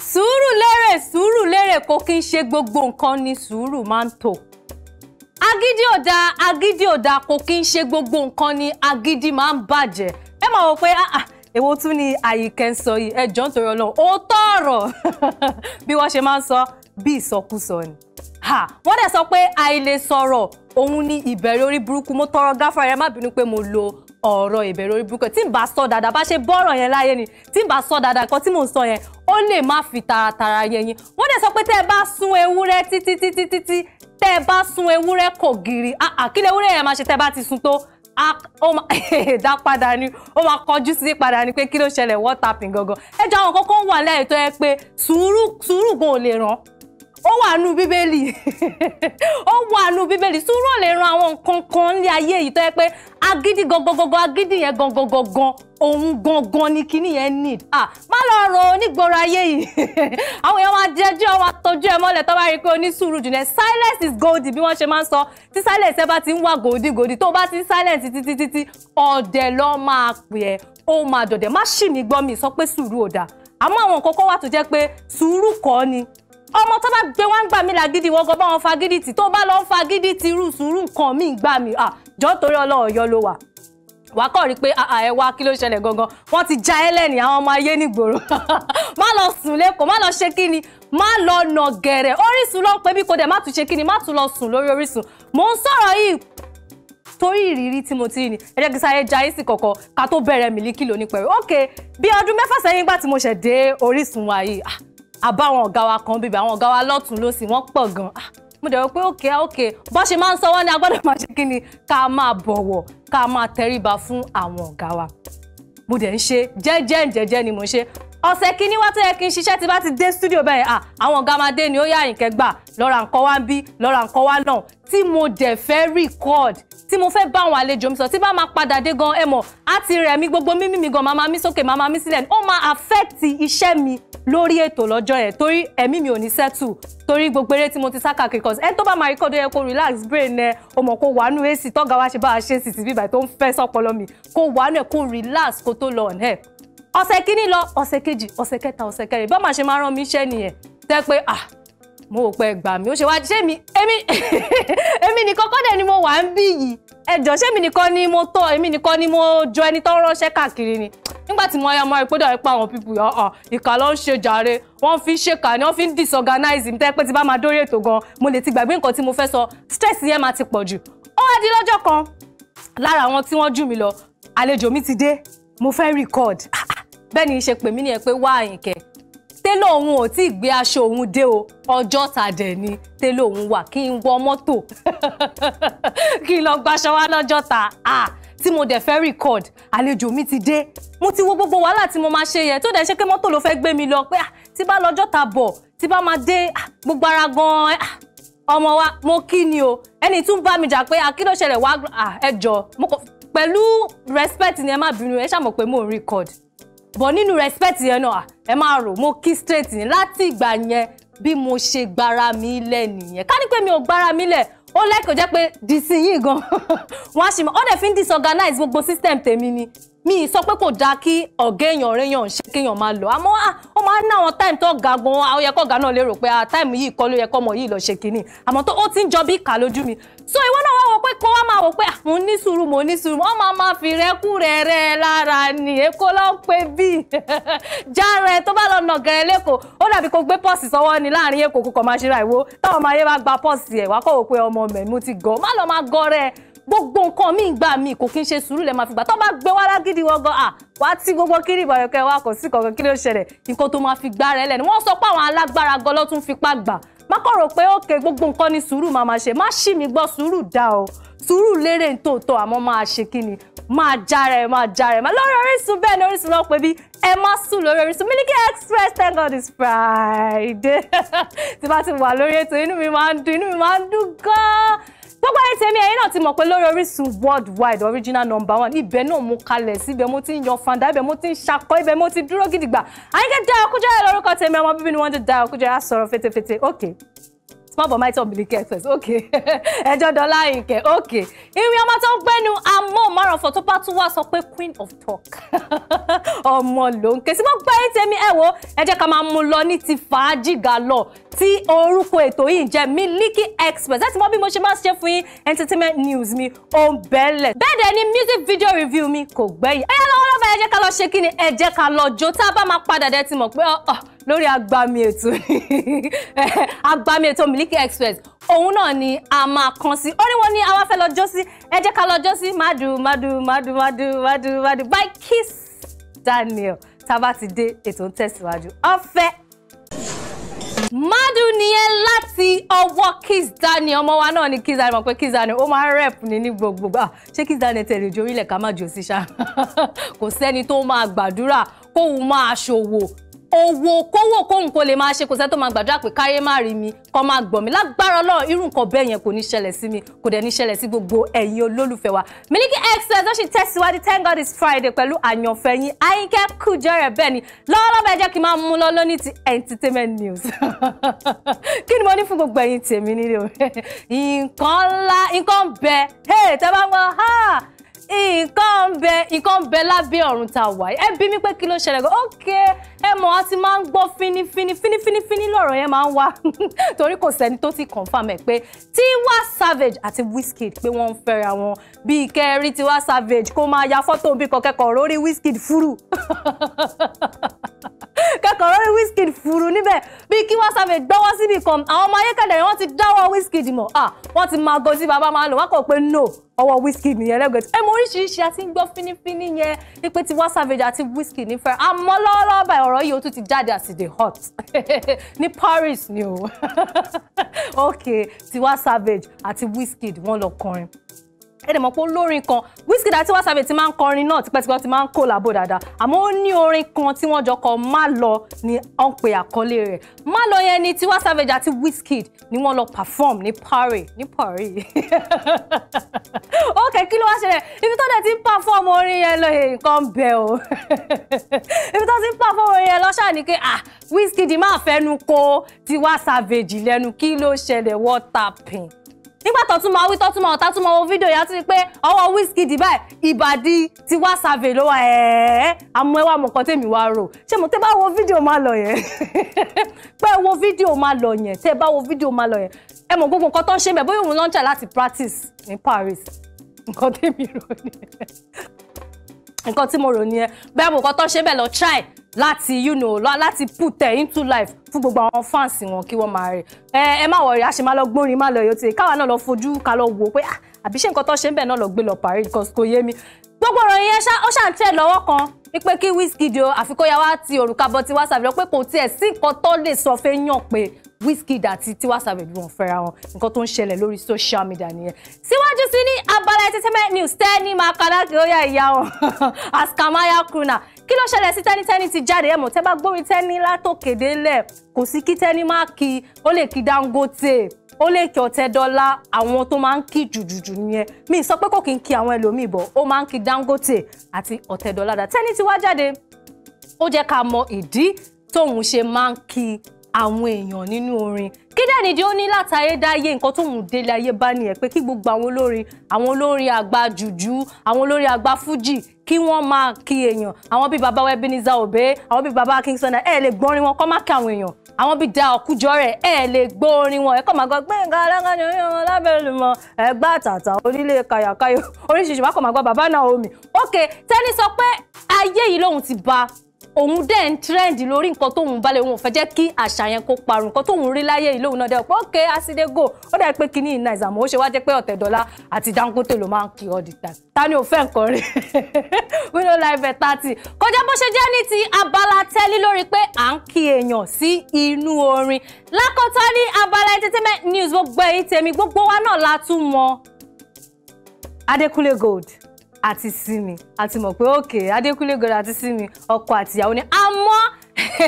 sùúrù lérè sùúrù lérè kò kí n ṣe gbogbo nǹkan ni sùúrù máa ń tò agídí ò dáa agídí ò dáa kò kí n ṣe gbogbo nǹkan ni agídí máa ń bàjẹ́ ẹ máa wọ pé ah ah èwo tún ni àyíkẹ́ ń sọ yìí ẹjọ́ nítorí ọlọ́run ó tọ̀rọ̀ bí wọ́n ṣe máa ń sọ bí ìsọkúsọ ni. wọ́n dẹ̀ sọ pé àìlè sọ̀rọ̀ òun ni ìbẹ̀rẹ̀ orí burúkú mo tọrọ gáfárà ẹ má bínú pé mo lo ọ̀rọ̀ ìbẹ̀rẹ̀ orí burúkú tí n bá sọ dáadáa bá ṣe bọ́rọ̀ yẹn láyé ni tí n bá sọ dáadáa nǹkan tí mò ń sọ yẹn ó lè má fi taratara yẹ yín wọ́n dẹ̀ sọ pé tẹ́ ẹ bá sun ewúrẹ́ títí títí títí tẹ́ ẹ bá sun ewúrẹ́ kò gírí àkílẹ̀ ewúrẹ́ yẹn máa ṣe tẹ́ ẹ bá ti sun tó dá padà ni ó máa kọjú sí padà ni pé kí ló ṣẹlẹ̀ wọ́n tapping gangan ẹjọ́ àwọn kókó wà lẹ́yìn tó yẹ pé sùúrù sùúrù gan ò lè ràn ó wà nù bíbélì ó wà nù bíbélì sùúrù ò lè ran àwọn nǹkan kan ní ayé yìí tó yẹ pé agídí gangan agídí yẹn gangan gangan òun gangan ni kíní yẹn need ah má lọ rò onígboro ayé yìí àwọn èèyàn máa jẹjú ọ máa tọjú ẹ mọ́lẹ̀ tó bá rí i pé onísùúrù jù ní silence is gold bí wọ́n ṣe máa ń sọ tí silence ẹ bá ti ń wà gòdìgòdì tó bá ti ń silence títí títí ọ̀dẹ̀ ló máa pè ẹ́ ó máa dọ̀dẹ̀ má ṣì mí gbọ́ mi sọ pé sùúrù ò dáa àmọ́ àwọn nǹkan kan wà tó jẹ́ pé sùúrù kọ́ ni ọmọ tó bá gbé wọn gbà mí làgídí wọn gan bá wọn fagídí tì tó bá lọ ń fagídí tì irú sùúrù nǹkan mi gbà mí jọ́ torí ọlọ́run yọ ló wà wà á kọ́ rí i pé ẹ wá kí ló ṣẹlẹ̀ gangan wọ́n ti já ẹlẹ́ni àwọn ọmọ ayé nígboro má lọ sùn lẹ́kọ̀ọ́ má lọ ṣe kí ni má lọ nà gẹ̀rẹ̀ Orísun ló ń pe bí kò dẹ̀ má tún ṣe kí ni má tún lọ sùn lórí Orísun mò ń sọ̀rọ̀ yìí torí ìrírí tí mo ti rí ni ẹ jẹ́ kí sáré ja ẹ́sì kọ̀ọ̀kan ká tó bẹ̀rẹ̀ Miliki Lónìí pẹ̀rẹ̀ ok bí ọdún mẹ́fà sẹ́yìn gbà tí mo ṣẹ̀ dé Orísun wa yìí àbá àwọn ọ̀gá wa kan bíbẹ̀ àwọn ọ̀gá wa lọ́tún lọ́sì wọ́n pọ̀ gan ah, mo dẹ̀ rò pé òkè òkè ah, bó ṣe máa ń sọ wọ́n ní a gbọ́dọ̀ máa ṣe kí ni ká máa bọ̀wọ̀ ká máa tẹríba fún àwọn ọ̀gá wa mo dẹ̀ ń ṣe jẹ́jẹ́ jẹ́jẹ́ ni mo ṣe ọ̀sẹ̀ kìíní wá tó yẹ kí n ṣiṣẹ́ tí bá ti dé studio bẹ́ẹ̀ à àwọn ọ̀gá máa dé ni ó yá àyìnkẹ́ gbà lọ́ra nǹkan wá ń bí lọ́ra nǹkan wá náà tí mo dẹ̀ fẹ́ record tí mo fẹ́ bá àwọn àlejò mi sọ tí bá máa padà dé gan ẹ mọ̀ á ti rẹ̀ mí gbogbo mímí mi gan màmá mi sókè màmá mi sílẹ̀ ó máa affect iṣẹ́ mi lórí ètò lọ́jọ́ yẹn torí ẹ̀mí mi ò ní settle torí gbogbo eré tí mo ti sá kàkiri cos tó bá máa record ó yẹ kó relax brain ẹ o mọ̀ kó wàánú èsì tọ́gà wá ṣe bá a ṣe sì ti bíbà tó ń fẹ́ sọ́pọlọ mi kó wàánú ẹ̀ kó relax kó tó lọ on air ọ̀sẹ̀ kìíní lọ ọ̀sẹ̀ kejì ọ̀sẹ̀ kẹta ọ̀sẹ̀ kẹrin bá màá ṣe máa rán mi iṣẹ́ nìyẹn tẹ́ pé ah mo ò pẹ́ gbà mí ó ṣe wá ṣé mi èmi èmi nìkan kọ́ ni mo wà ń bí yìí ẹjọ́ ṣé mi nìkan ni mo tọ́ èmi nìkan ni mo jọ ẹni tó ránṣẹ́ káàkiri ni nígbà tí mo ayé ọmọ ìpéjọ rẹ pa àwọn pípù yọ ọ ìkà ló ń ṣe jàre wọ́n fi ń ṣèkà ni wọ́n fi ń disorganize mi tẹ́ pé tí bá máa dórí ètò gan mo lè ti gbàgbé nǹkan tí mo fẹ́ sọ stress yẹn máa ti pọ̀ jù ó wá di lọ́jọ́ kan lára àwọn tí wọ́n jù mí lọ àlejò mi ti dé mo fẹ́ record ah, bẹ́ẹ̀ ni ṣe pè mí ni ẹ pé wá àyìnkẹ́ télọ̀ òun ò tí ì gbé aṣọ òun dé o ọjọ́ tàdẹ̀ ni télọ̀ òun wà kí n wọ mọ́tò kí n lọ gbaṣọ wá lọ́jọ́ ta ah tí mo dẹ̀ fẹ́ record àlejò mi ti dé mo ti wo gbogbo wàhálà tí mo máa ṣe yẹn tó dẹ̀ ṣe pé mọ́tò ló fẹ́ gbé mi lọ pé tí bá lọ́jọ́ ta bọ̀ tí bá máa dé gbogbo ara gan ọmọ wa mo kí ni o ẹni tún bá mi jà pé akíló ṣẹlẹ̀ wá ẹjọ́ pẹ̀lú respect ni ẹ má bínú ẹ ṣàmọ̀ pé mò ń record bọ̀ nínú respect yẹn náà ẹ máa rò mo kí straight ni láti ìgbà yẹn bí mo ṣe gbára mi lẹ̀ nìyẹn ká ní pé mi ò gbára mi lẹ̀ ó lẹ́kọ̀ọ́ jẹ́ pé dìsìn yìí gan wọ́n á ṣì mọ́ ọ́ dẹ̀ fi ń disorganize gbogbo system tèmi ni mi sọ pé kò dáa kí ọ̀gá èèyàn réyàn ṣe kéèyàn máa lọ àmọ́ ó máa ń ná àwọn táìmù tó ga gan ó yẹ kọ́gà náà lérò pé táìmù yìí kọ́ ló yẹ kọ́mọ yìí lọ ṣe kínní àmọ́ tó ó ti ń jọ bí ìkà lójú mi so ìwọ náà wá wò pé kó wá máa wò pé mo ní sùúrù mo ní sùúrù ó máa máa fi rẹ́kú rẹ̀ rẹ̀ lára ni èkó ló ń pè bí járe tó bá lọ nà gẹ̀rẹ́ lẹ́kọ̀ọ́ ó dàbí kó gbé pọ́ọ̀sì sọ́wọ́ ni láàrin èkó kò kọ̀ máa ṣe ra ìwo táwọn ọmọ ayé bá gba pọ́ọ̀sì ẹ̀ wá kọ̀ wò pé ọmọ mẹ̀mú ti gọ̀ má lọ máa gọ́ rẹ̀ gbogbo nǹkan mi ń gbà mí kò kí n ṣe sùúrù lẹ́ẹ̀ máa fi gbà tó bá gbé wá lágídí wọn gan ah wá tí gbogbo kiri ìbàyọ̀kẹ́ wa kò sí kankan kí ló ṣẹlẹ̀ nǹkan tó máa fi gbá rẹ̀ lẹ́nu wọ́n sọ pé àwọn alágbára gan ló tún fipá gbà má kàn rò pé òkè gbogbo nǹkan ni sùúrù máa máa ṣe má ṣì mí gbọ́ sùúrù dá o sùúrù lérè ń tòótọ́ àmọ́ máa ṣe kí ni máa jára ẹ̀ máa jára ẹ̀ máa lórí Orísun bẹ́ẹ̀ ni Orísun náà bí ẹ má sùn lórí Orísun Miliki Express thank God it's Friday tí bá ti wà lórí ètò inú mi máa ń dùn inú mi máa ń dùn gan-an gbogbo ayé tèmi ẹ̀yin náà ti mọ̀ pé lórí Orísun worldwide original number one ibẹ̀ náà mo kalẹ̀ sí ibẹ̀ mo ti ń yan fanda ibẹ̀ mo ti ń ṣakọ ibẹ̀ mo ti dúró gidigba Àyìnkẹ́ Dayọ̀ Kújẹ́rẹ́ lórúkọ tèmi ọmọ bíbí ni wọ́n ti Dayọ̀ Kújẹ́rẹ́ á sọ̀rọ̀ fetefete okay small but mighty umbilical express okay ẹjọ́ dọ́là ìkẹ́ okay ìrìn ọmọ tó ń gbẹ́nu amóhùnmáwòránfọ̀ tó bá tún wá sọ pé queen of talk ọmọ ló ń ké sí gbogbo ẹ̀yin tèmi ẹ wo ẹ jẹ́ ká máa mú lọ ní ti fàájì ga lọ tí orúkọ ètò yìí ń jẹ́ Miliki Express láti mọ bí mo ṣe máa ṣe fún yín entertainment news mi ó ń bẹ́ẹ̀lẹ̀ bẹ́ẹ̀ dẹ̀ ni music video review mi kò gbẹ́yìn ẹ̀yà lọ́wọ́ ẹ jẹ́ ká lọ ṣe kí ni ẹ jẹ́ ká lọ jó tá a bá máa padà dé ti mọ̀ pé ọ̀ lórí agbami ètò agbami ètò Miliki Express òun náà ni a máa kàn sí orí wọn ni àwa fẹ́ lọ jó sí ẹ jẹ́ ká lọ jó sí madu madu madu madu madu madu by Kiss Daniel tá a bá ti dé ètò ń tẹ̀síwájú ọ̀fẹ́ madu nìyẹn láti ọwọ́ Kiss Daniel ọmọ wa náà ni Kiss Daniel mọ̀ pé Kiss Daniel ó máa ń rẹ̀p ní ní gbogbo à ṣé Kiss Daniel tẹ̀lé ojú orílẹ̀ ká má jò sí ṣá kò sẹ́ni tó máa gbàdúrà kóun máa ṣòwò owó kówó kóhun kó lè máa ṣe kò sẹ́ tó máa gbàdúrà pé káyé má rí mi kọ́ máa gbọ̀n mi lágbára Ọlọ́run irú nǹkan bẹ́ẹ̀ yẹn kò ní ṣẹlẹ̀ sí mi kò dẹ̀ ní ṣẹlẹ̀ sí gbogbo ẹ̀yin olólùfẹ́ wa. Miliki Express ó sì tẹ̀síwájú thank God is Friday pẹ̀lú àyànfẹ́ yín Àyìnkẹ́ Kújẹ́rẹ́ bẹ́ẹ̀ ni lọ́wọ́lọ́wọ́ ẹ jẹ́ kí n máa mú lọ lónìí ti entertainment news. kí ni mo ní fún gbogbo ẹ̀yin tèmi nílé o nǹkan ńlá nǹkan ń bẹ nǹkan ń bẹ lábẹ́ ọ̀run tá a wà ẹ bí mi pé kí ló ṣẹlẹ̀ gan ok ẹ mọ̀ á ti máa ń gbọ́ fínífíní fínífíní lọ́rọ̀ yẹn máa ń wá torí kò sẹ́ni tó ti confam ẹ̀ pé Tiwa Savage àti Wizkid pé wọ́n ń fẹ́ra wọn bíi kẹ́rí Tiwa Savage kó máa ya fọ́tò bí kọ̀kẹ́kọ̀ọ́ lórí Wizkid fúrú kẹ́kọ̀ọ́ lórí Wizkid fúru níbẹ̀ bíi kí wọ́n sáfẹ́ gbọ́wọ́ síbi kan àwọn ọmọ ayékẹ́dẹ̀ wọ́n ti dáwọ́ Wizkid mọ̀ wọ́n ti máa gọ sí baba máa lò no ọwọ́ Wizkid nìyẹn lẹ́gbẹ̀ẹ́ tí ẹ mọ oríṣiríṣi àti ń gbọ́ fínífíní yẹn pípé tí Wọ́n Savage àti Wizkid nífẹ̀ẹ́ àmọ́ lọ́wọ́lọ́wọ́ báyìí ọ̀rọ̀ yìí ó tún ti jáde àti the hot ní Paris ni o ok tí Wọ́n Savage àti Wizkid wọ́n lọ kọrin ẹ̀dẹ̀ mọ̀ pé olórin kan Wizkid àti Tiwa Savage ti máa ń kọrin náà tipẹ́tipẹ́ ti máa ń kó làbò dáadáa àmọ́ ó ní orin kan tí wọ́n jọ kọ má lọ ni ó ń pe àkọlé rẹ̀ má lọ yẹn ni Tiwa Savage àti Wizkid ni wọ́n lọ perform ní Paris ní Paris ok kí ló wá ṣẹlẹ̀ ibi tó dẹ̀ ti ń perform orin yẹn lọ nǹkan bẹ̀ o ibi tó ti ń perform orin yẹn lọ ṣáà ni pé ah Wizkid máa fẹnu kò Tiwa Savage lẹ́nu kí ló ṣẹlẹ̀ wọ́n tapping nígbà tó tún máa wí tó tún máa ọ̀tá tún máa wo fídíò yẹn àti pé ọwọ́ Wizkid báyìí ìbàdí ti wá sàvè ló wà ẹ̀ẹ́ àmọ́ ẹ wà mọ̀kàn tèmi wá rò ṣé mo tẹ́ bá wo fídíò máa lọ yẹn pé wo fídíò máa lọ yẹn tẹ́ bá wo fídíò máa lọ yẹn ẹ mọ̀ gbogbo nǹkan tó ń ṣe bẹ́ẹ̀ bóyá òun lọ́njà láti practice ní Paris nǹkan tèmi rò ni nǹkan tí mo rò nìyẹn bẹ́ẹ̀ mo kọ́ tó ṣe bẹ́ẹ̀ lọ try láti you know láti put ẹ̀ into life fún gbogbo àwọn fans wọn kí wọ́n máa rẹ̀ ẹ ẹ má wọ̀rẹ̀ a ṣe máa lọ gbórin má lọ yọtí káwa náà lọ fojú ká lọ wò pé ah, àbí ṣé nǹkan tó ṣe ń náà lọ gbé lọ Paris because kò yé mi gbogbo ọ̀rọ̀ yẹn ṣá ó ṣàn tẹ̀ lọ́wọ́ kan wípé kí Wizkid o àfi kó ya wá ti òrùka bọ Tiwa Savage lọ pé kò tiẹ̀ sí nǹkan tó lè sọ fẹ́ yàn pé Wizkid àti Tiwa Savage wọn fẹ́ra wọn nǹkan tó ń ṣẹlẹ̀ lórí social media nìyẹn síwájú sí ní abala entertainment news tẹ́ni máa kadà kí ó yà ìyá wọn askamaya kruna kí ló ṣẹlẹ̀ sí tẹ́nitẹ́ni ti jáde ẹ̀mọ́ tẹ́ bá gbórí tẹ́ni látòkèdélẹ̀ kò sí kí tẹ́ni má kí ó lè kí Dangote ó lè kí ọ̀tẹ̀ dọ́là àwọn tó máa ń kí jùjùjù nìyẹn mi sọ pé kò kí n kí àwọn ẹlòmíì bọ̀ ó máa ń kí Dangote àti ọ̀tẹ̀ dọ́là dà tẹ́ni tí wá jáde ó jẹ́ ká mọ ìdí tóun ṣe máa ń kí àwọn èèyàn nínú orin kí dẹ́ni di ó ní látayédáyé nǹkan tóun délé ayé bá nìyẹn pé kí gbogbo àwọn olórin àwọn olórin àgbà jùjú àwọn olórin àgbà fújì kí wọ́n máa kí èèyàn àwọn bíi baba Ebenezer Obey àwọn bíi baba King Sunny ẹ̀ lè gbọ́nrin wọn kọ́ má kí àwọn èèyàn àwọn bíi da ọ̀kújọ rẹ̀ ẹ̀ lè gbọ́ orin wọn ẹ̀kọ́ máa gbọ́ gbẹ̀ngà alágbájọ yíyan lábẹ́rẹ́ mọ ẹgbà àtàtà onílé kàyàkáyò oríṣiríṣi wákọ̀ máa gbọ́ bàbá Naomi. ok tẹ́ni sọ pé ayé yìí lòun ti ba òun dẹ̀ ń trend lórí nǹkan tóun balẹ̀ òun ò fẹ́ jẹ́ kí àṣà kó parun nǹkan tóun rí láyé ìlú òun náà dẹ̀ pé ok aside go ó dẹ̀ pé kíní iná ìzàmù ó ṣe wá jẹ́ pé ọ̀tẹ̀ dọ́là àti Dangote ló máa ń kí all the ta ni ò fẹ́ nǹkan rí we no like better tea kọjá bó ṣe jẹ́ ní ti abala tẹ́lí lórí pé à ń kí èèyàn sí inú orin lákọ̀tọ́ ní abala entertainment news gbogbo èyí tèmi gbogbo wa náà la tún mọ Adékúnlé Gold àti sinmi àti mọ̀ pé òkè Adékúnlé Gold àti sinmi ọkọ àtìyàwó ni àmọ́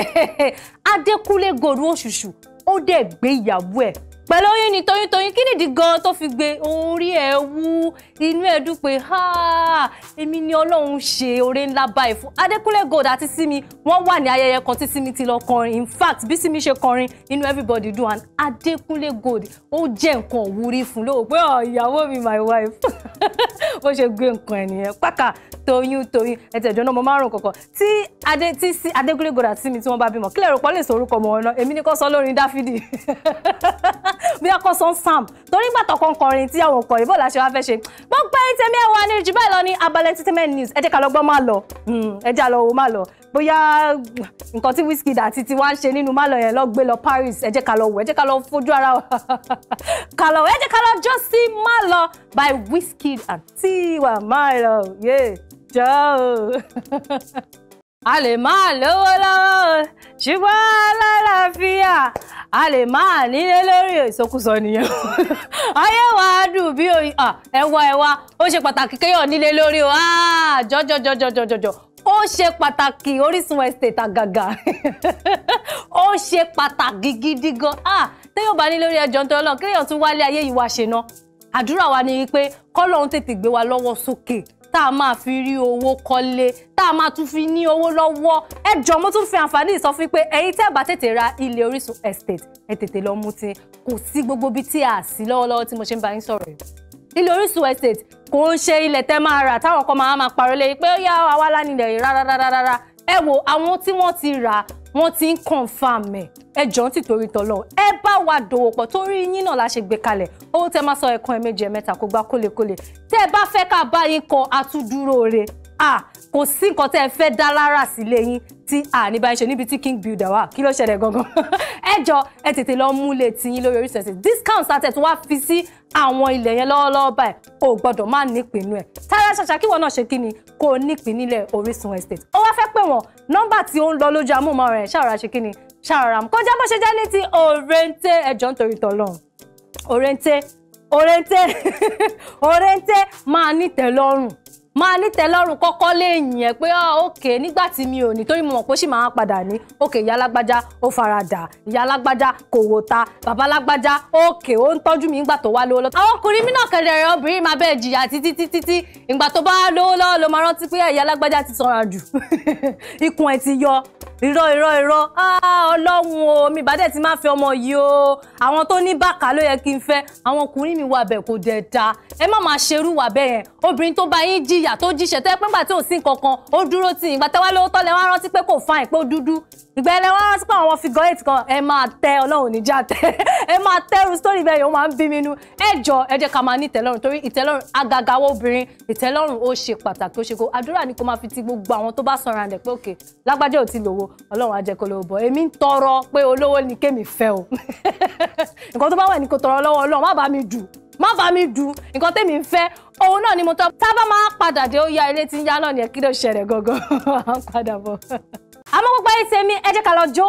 Adékúnlé Gold Òṣùṣù ó dẹ̀ gbé ìyàwó ẹ̀ pẹ̀lú oyún ni toyuntoyun kí nìdí gan tó fi gbé orí ẹ̀ wú inú ẹ̀ dùn pé ha èmi ni ọlọ́run ṣe oore ńlá báyìí fún Adékúnlé Gold àti Simi wọ́n wà ní ayẹyẹ kan tí Simi ti lọ kọrin in fact bí Simi ṣe kọrin inú everybody dùn and Adékúnlé Gold ó jẹ́ nǹkan òwúrí fún lóò pé oh, ìyàwó mi my wife bó ṣe gbé nǹkan ẹ̀ nìyẹn pàkà toyún toyún ẹ̀tẹ̀ ìjọ náà mo máa ń rò kọ̀kọ̀ tí adé tí sí Adékúnlé Gold àti Simi tí wọ́n bá bímọ kílẹ̀ rò pọ́ lè sọ orúkọ ọmọ wọn náà èmi ni kò sọ lórin Dáfídì bí ọkọ san sam torí ìgbà tọkọ ń kọrin tí àwọn ọkọ ìbò làṣẹ wa fẹ́ ṣe gbogbo ẹ̀yin tèmi ẹ wà ní jù báyìí lọ ní abala entertainment news ẹ jẹ́ ká lọ gbọ́ má lọ hmm, ẹ jẹ́ àlọ́ wo má lọ bóyá hmm, nǹkan tí Wizkid àti ti wá ń ṣe nínú má lọ yẹn lọ gbé lọ Paris ẹ jẹ́ ká lọ wò ẹ jẹ́ ká lọ fojú ara ká lọ ẹ jẹ́ ká lọ jọ́ sí má lọ by Wizkid àti wà má lọ yé jọ́ a lè máa lówó lọ́wọ́ ṣùgbọ́n alálàáfíà a lè máa nílé lórí ìsọkúsọ nìyẹn ayé wa dùn bí ẹwà ẹwà ó ṣe pàtàkì kéèyàn nílé lórí o jọjọjọjọjọjọ ó ṣe pàtàkì Orísun estate àgàgà ó ṣe pàtàkì gidi gan téèyàn bá ní lórí ẹjọ́ nítorí Ọlọ́run kéèyàn tún wálé ayé yìí wá ṣe ná àdúrà wa ni pé kọ́lọ́run tètè gbé wa lọ́wọ́ sókè tá a máa fi rí owó kọ́lé tá a máa tún fi ní owó lọ́wọ́ ẹ jọ̀ọ́ mo tún fi àǹfààní ìsọfún pé ẹ̀yin tẹ́ bá tètè ra ilé Orísun estate ẹ tètè lọ mú ti kò sí gbogbo bí tí a sí lọ́wọ́lọ́wọ́ tí mo ṣe ń bá yín sọ̀rọ̀ yìí ilé Orísun estate kò ń ṣe ilẹ̀ tẹ́ máa rà táwọn kan máa máa pariwo lé pé ó yá àwa lánìlẹ̀ rárá rárá rárá ẹ wo àwọn tí wọ́n ti rà wọ́n ti ń confam ẹ̀ ẹ jọ̀ọ́ ti torí tọ́lọ́ ẹ bá wa dòwò pọ̀ torí yín náà la ṣe gbé kalẹ̀ owó tẹ máa sọ ẹ̀kan ẹ̀mẹjẹ mẹ́ta kó gbá kólekóle tẹ ẹ bá fẹ́ ká bá yín kọ àtúndúró re kò sí nǹkan tẹ ẹ fẹ́ dá lára sílé yín tí à ní báyìí ṣe níbi tí king builder wà kí ló ṣẹlẹ̀ gangan ẹ jọ̀ọ́ ẹ tètè lọ múlẹ̀ tiyín lórí Orísun ẹ̀sìn discount àti ẹ̀tún wá fi sí àwọn ilẹ̀ yẹn lọ́wọ́lọ́wọ́ báyìí o gbọ́dọ̀ má nípinnu ẹ̀ tára ṣàṣà kí wọn náà ṣe kí ni kò nípin nílẹ̀ Orísun estate ó wá fẹ́ pè wọ́n nọ́mbà tí ó ń lọ lójú amóhùnmáwòrán ẹ̀ ṣàrà ṣe kí ni ṣàràràm kọjá bó ṣe jẹ́ ní ti òrèǹtẹ̀ ẹ̀jọ̀ nítorí tọ́lọ́run òrèǹtẹ̀ òrèǹtẹ̀ òrèǹtẹ̀ máa nítẹ̀lọ́rùn máa nítẹ̀lọ́rùn kọ́kọ́ léyìn ẹ̀ pé ókè ah, nígbà tí mi ò ní torí mo mọ̀ pé ó sì máa padà ní ókè ìyá alágbájá ó faradà ìyá alágbájá kò wò ta bàbá alágbájá ókè ó ń tọ́jú mi nígbà tó wá lówó lọ́wọ́. àwọn ọkùnrin mìíràn kẹrẹ̀rẹ̀ obìnrin máa bẹ́ẹ̀ jìyà títí títí tí ìgbà tó bá lówó lọ́wọ́ ló máa rántí pé ìyá alágbájá ti sanra jù ikùn ẹ̀ ti yọ irọ́ irọ́ irọ́ ah, ọlọ́run o mi bá dẹ̀ ti máa fẹ́ ọmọ yìí o àwọn tó ní bàkà ló yẹ kí n fẹ́ àwọn ọkùnrin mi wà bẹ̀ kò dẹ̀ da ẹ má máa ṣerú wà bẹ́ẹ̀ yẹn obìnrin tó bá yín jìyà tó jíṣẹ́ tẹ́ pé ńgbà tí ò sí nǹkan kan ó dúró tì yín gbàtẹ́wálé ó tọ́lẹ̀ wá rántí pé kò fáìn pé ó dúdú ìgbẹ́lẹ̀ wọn rántí pé àwọn figure eight kan ẹ máa tẹ ọlọ́run níjà tẹ ẹ máa tẹrù story bẹ́ẹ̀ yóò máa ń bí mi nú ẹ jọ ẹ jẹ́ ká máa ní ìtẹ́lọ́rùn torí ìtẹ́lọ́rùn agagawo obìnrin ìtẹ́lọ́rùn ó ṣe pàtàkì ó ṣe kó àdúrà ni kó máa fi ti gbogbo àwọn tó bá sanra rẹ̀ pé òkè lágbájá ò ti lówó ọlọ́run á jẹ́ kó lówó bọ̀ èmi ń tọrọ pé olówó ni kémi fẹ́ o nǹkan tó bá wà ní kó tọrọ lọ́wọ́ ọlọ́run má bá mi dù má bá mi dù nǹkan tèmi ń fẹ́ òun náà ni mo tọ́ tá a bá máa padà dé ó ya ilé tí ń yá náà ni ẹ kí ló ṣẹlẹ̀ gangan à ń padà bọ̀ àmọ́ pípa yìí ṣe mí ẹ jẹ́ ká lọ jó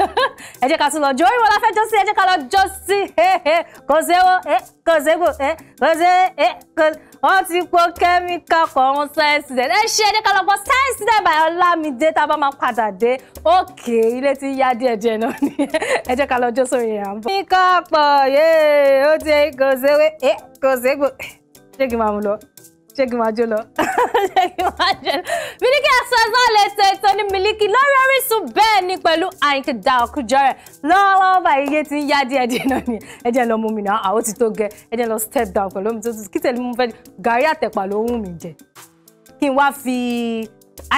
ẹ jẹ́ ká tún lọ jó ìwọ la fẹ́ jó sí ẹ jẹ́ ká lọ jó sí kò séwó eh, kò ségbò eh, kò sé eh, kò wọ́n ti po kẹ́míkà kọ̀ọ̀hún science dẹ̀ ẹ ṣe ẹ jẹ́ ká lọ gbọ́ science dẹ̀ bàyọ̀ lámìdé tá a bá máa padà dé òkè ilé tí yá díẹ̀ díẹ̀ náà ni ẹ jẹ́ ká lọ jó sórí ìyá ń bọ̀. kẹ́míkà pọ̀ yéé ó ti kò séwé kò ségbò ṣé kí n máa mú lọ ṣé kí n máa jó lọ ṣé kí n máa jó lọ. Miliki Express náà lè ṣe ní Miliki lórí Orísun bẹ́ẹ̀ ni pẹ̀lú Àyìnkẹ́ Dákújọrẹ̀ lọ́wọ́lọ́wọ́ báyìí iye tí ń yá díẹ̀ díẹ̀ náà ni ẹjẹ́ lọ mú mi náà àwọn ti tó gẹ ẹjẹ́ lọ step down pẹ̀lú omi tó tutù kí tẹ̀lé mi fẹ́ gàrí àtẹ̀pà ló wù mí jẹ kí n wá fi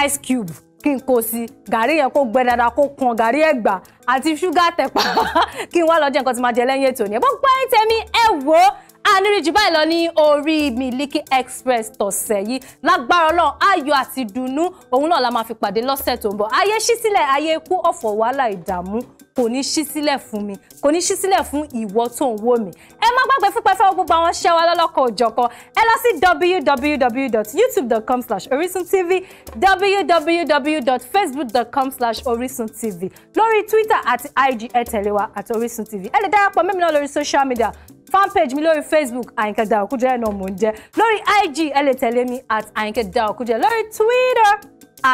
ice cube kí n kó sí gàrí yẹn kó gbẹ dáadáa kó kan gàrí ẹ̀gbà àti ṣúgà àtẹ̀pà kí n wá lọ jẹ nǹkan tí máa jẹ lẹ́yìn ètò yẹn gbogbo ẹ̀yin tèmi ẹ wò ó àníríjì báyìí lọ ní orí Miliki Express tọ̀sẹ̀ yìí lágbára ọlọ́run ayọ̀ àti dùnnú òun náà la máa fi pàdé lọ́sẹ̀ tó ń bọ̀ ayé ṣí sílẹ̀ ayé ikú ọ̀fọ̀ wàhálà ìdààmú kò ní ṣí sílẹ̀ fún mi kò ní ṣí sílẹ̀ fún ìwọ tó ń wò mí ẹ má gbàgbé fún pẹ́fẹ́ gbogbo àwọn ṣẹ́ wa lọ́lọ́kọ̀ òjọ̀kọ̀ ẹ lọ sí www.youtube.com slash orisuntv www.facebook.com slash orisuntv lórí twitter àti ig ẹ tẹ̀lé wa àti orisuntv ẹ lè darapọ̀ mẹ́mi náà lórí social media fanpage mi lórí facebook àyìnkẹ́ da òkújẹ́ ẹ̀ náà mò ń jẹ́ lórí ig ẹ lè tẹ̀lé mi at àyìnkẹ́ da òkújẹ́ lórí twitter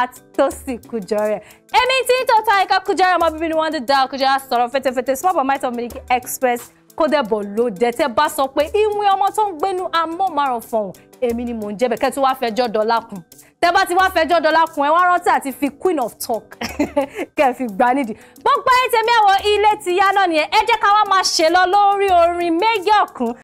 at tosi kujore èmi tí ń tọ́ta àyìnkẹ́ kujore ọmọ bíbí ni wọ́n ń dá òkújẹ́ àsọ̀rọ̀ fẹ́tẹ́fẹ́tẹ́ small but might of miliki express kódẹ̀bọ̀ ló jẹ́ tẹ́ bá sọ pé ìwé ọmọ tó ń gbénu amóhùnmáwòrán fọ̀hún èmi ni mò ń jẹ́ bẹ̀ kẹ́ wá fẹjọ́ dọ́là kùn tẹ bá ti wá fẹjọ́ dọ́là kun ẹ wá rántí àti fi queen of talk kẹ fi gbà nídìí gbogbo ẹ tẹmí ẹwọ ilé ti yá náà nìyẹn ẹ jẹ́ ká wá máa ṣe lọ lórí orin méjì ọ̀kún.